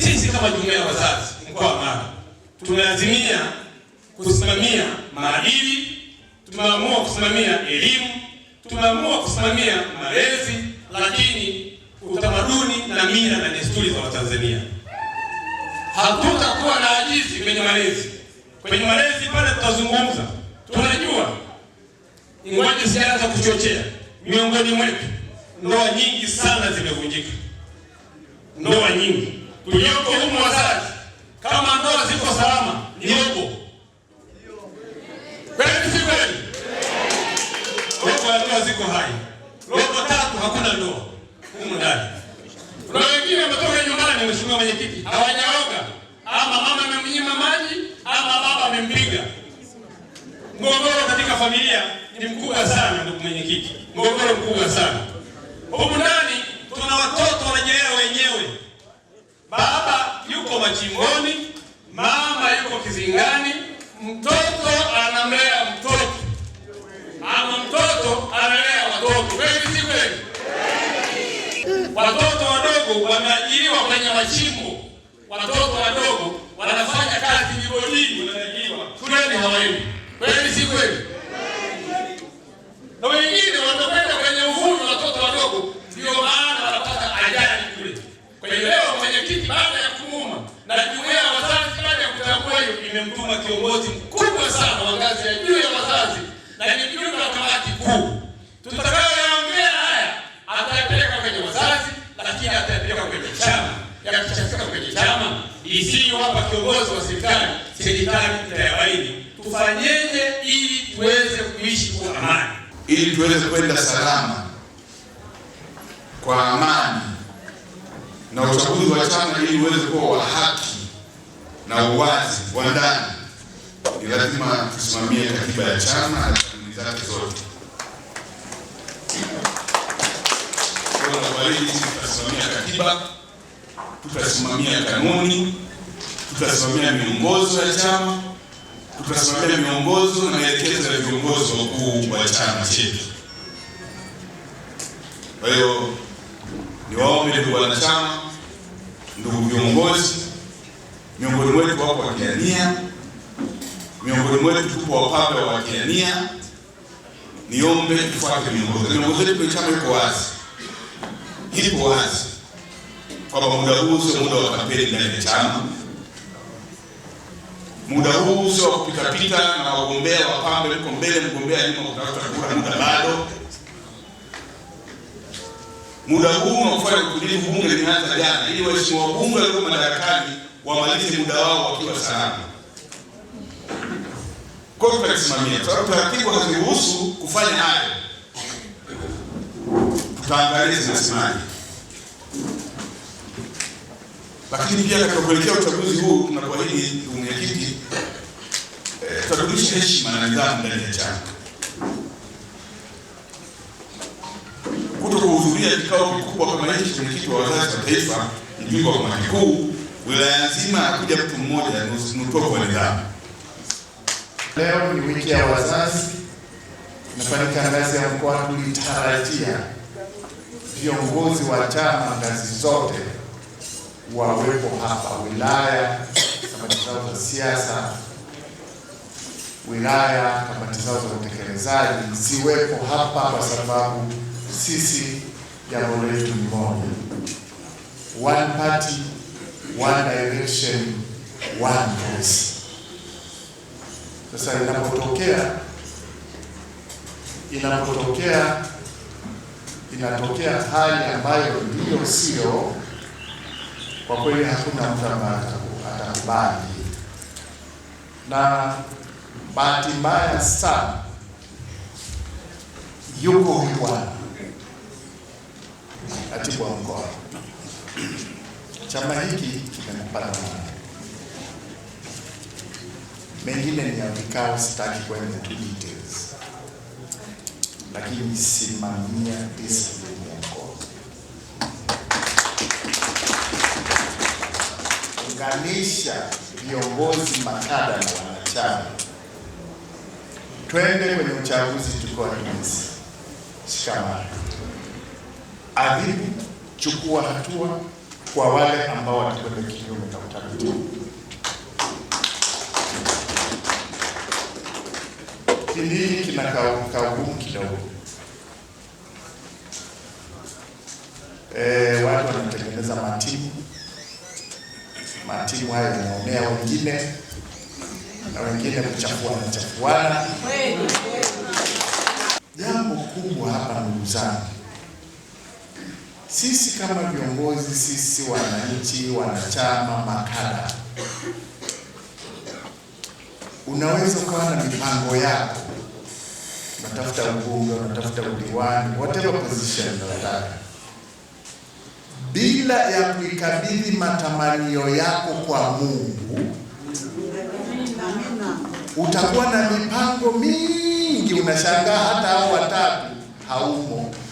Sisi kama jumuiya ya wazazi mkoa wa Mara tumeazimia kusimamia maadili, tumeamua kusimamia elimu, tumeamua kusimamia malezi, lakini utamaduni na mila na desturi za Watanzania. Hatutakuwa na ajizi kwenye malezi. Kwenye malezi pale tutazungumza, tunajua ingawaje sijaanza kuchochea, miongoni mwetu ndoa nyingi sana zimevunjika, ndoa nyingi yuko humu wazazi, kama ndoa ziko salama ni huko kweli, si kweli? Robo ya ndoa ziko hai, robo tatu hakuna ndoa humu ndani. Kuna wengine wametoka nyumbani, mheshimiwa mwenyekiti, hawajaoga ama mama amemnyima maji ama baba amempiga. Mgogoro katika familia ni mkubwa sana, ndugu mwenyekiti, mgogoro mkubwa sana humu ndani. shingoni, mama yuko kizingani, mtoto anamlea mtoto ama mtoto analea watoto. Kweli si kweli? Watoto wadogo wameajiriwa kwenye machimbo, watoto wadogo wanafanya kazi vigodini, shuleni hawaendi. Kweli si kweli? na wengine wanakwenda kwenye uvuvi, watoto wadogo, ndio maana wanapata ajali kule. Kwa hiyo leo mwenyekiti kiongozi mkubwa sana wa ngazi ya juu ya wazazi na ni mjumbe wa kamati kuu. Tutakayoyaongea haya atayapeleka kwenye wazazi, lakini atayapeleka kwenye chama, yakishafika kwenye chama isiyo hapa kiongozi wa serikali, serikali itayabaini tufanyeje ili tuweze kuishi kwa amani, ili tuweze kwenda salama kwa amani na uchaguzi wa chama ili uweze kuwa wa haki na uwazi wa ndani ni lazima tusimamie katiba ya chama na kanuni zake zote. Tutasimamia katiba, tutasimamia kanuni, tutasimamia miongozo ya chama, tutasimamia miongozo na maelekezo ya viongozi wakuu wa chama chetu. Kwa hiyo niwaombe ndugu wanachama, ndugu viongozi, miongoni mwetu wako wakiania miongoni mwetu tupo wapambe wa Kenya, niombe tufuate miongozo. Miongozo yetu chama iko wazi, ilipo wazi kwamba muda huu sio muda wa kampeni ndani ya chama. Muda huu sio wa kupita pita na wagombea wapambe, mko mbele, mgombea nyuma kutafuta kura, muda bado. Muda huu wa kufanya utulivu bunge limeanza jana, ili waheshimiwa wabunge walio madarakani wamalize muda wao wakiwa salama. Kwa hiyo tutasimamia, kwa sababu taratibu haziruhusu kufanya hayo. Tutaangalia zinasemaje, lakini pia katika kuelekea uchaguzi huu tunakuahidi mwenyekiti, eh, tutadumisha heshima na nidhamu ndani ya chama. Kutokuhudhuria kikao kikubwa kama hichi, mwenyekiti wa wazazi wa taifa, mjumbe wa kamati kuu, wilaya nzima, akuja mtu mmoja nutoko wa nidhamu Leo ni wiki ya wazazi, nafanyika ngazi ya mkoa. Tulitarajia viongozi wa chama ngazi zote wawepo hapa, wilaya, kamati zao za siasa, wilaya, kamati zao za utekelezaji ziwepo hapa, kwa sababu sisi jambo letu ni moja, one party, one direction, one voice. Sasa inapotokea inapotokea inatokea hali ambayo ndiyo sio, kwa kweli hakuna mtu ambaye atakubali, na bahati mbaya sana yuko bwana katibu wa mkoa, chama hiki kimekupata mengine ni ya vikao, sitaki kwenda tu details, lakini simamia discipline yako, unganisha viongozi, makada na wanachama. Twende kwenye uchaguzi tukiwa tunaweza. Shikamana, adhibu, chukua hatua kwa wale ambao watakwenda kinyume na utaratibu. kilini kina kaugumu kidogo. E, watu wanatengeneza matimu, matimu hayo yanaonea wengine na wengine kuchafua na chafuana. Jambo kubwa hapa, ndugu zangu, sisi kama viongozi, sisi wananchi, wanachama, makada unaweza ukawa na mipango yako, unatafuta mbunge, unatafuta udiwani, whatever position unataka, bila ya kuikabidhi matamanio yako kwa Mungu, utakuwa na mipango mingi, unashangaa hata hao watatu haumo.